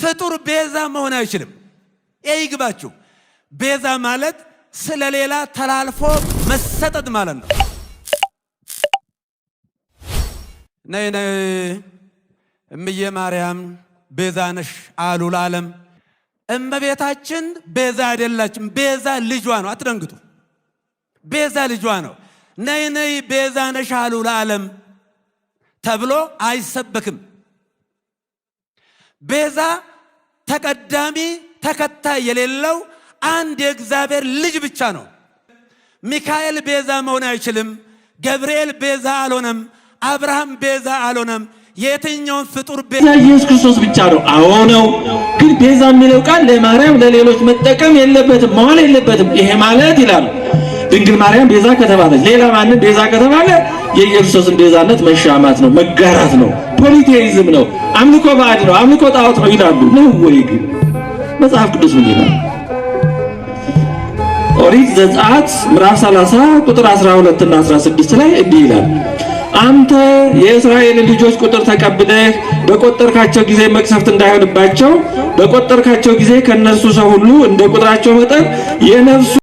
ፍጡር ቤዛ መሆን አይችልም። ይህ ይግባችሁ። ቤዛ ማለት ስለሌላ ተላልፎ መሰጠት ማለት ነው። ነይ ነይ እምዬ ማርያም ቤዛ ነሽ አሉ ለዓለም። እመቤታችን ቤዛ አይደላችም። ቤዛ ልጇ ነው። አትደንግጡ። ቤዛ ልጇ ነው። ነይ ነይ ቤዛ ነሽ አሉ ለዓለም ተብሎ አይሰበክም። ቤዛ ተቀዳሚ ተከታይ የሌለው አንድ የእግዚአብሔር ልጅ ብቻ ነው። ሚካኤል ቤዛ መሆን አይችልም። ገብርኤል ቤዛ አልሆነም። አብርሃም ቤዛ አልሆነም። የትኛውን ፍጡር ቤዛ ኢየሱስ ክርስቶስ ብቻ ነው። አዎ ነው። ግን ቤዛ የሚለው ቃል ለማርያም ለሌሎች መጠቀም የለበትም መዋል የለበትም። ይሄ ማለት ይላሉ ድንግል ማርያም ቤዛ ከተባለች ሌላ ማንም ቤዛ ከተባለ የኢየሱስን ቤዛነት መሻማት ነው መጋራት ነው። ፖሊቴይዝም ነው፣ አምልኮ ባዕድ ነው፣ አምልኮ ጣዖት ነው ይላሉ። ነው ወይ ግን መጽሐፍ ቅዱስ ምን ይላል? ኦሪት ዘጸአት ምዕራፍ 30 ቁጥር 12 እና 16 ላይ እንዲህ ይላል አንተ የእስራኤልን ልጆች ቁጥር ተቀብለህ በቆጠርካቸው ጊዜ መቅሰፍት እንዳይሆንባቸው በቆጠርካቸው ጊዜ ከእነርሱ ሰው ሁሉ እንደ ቁጥራቸው መጠን የነፍሱ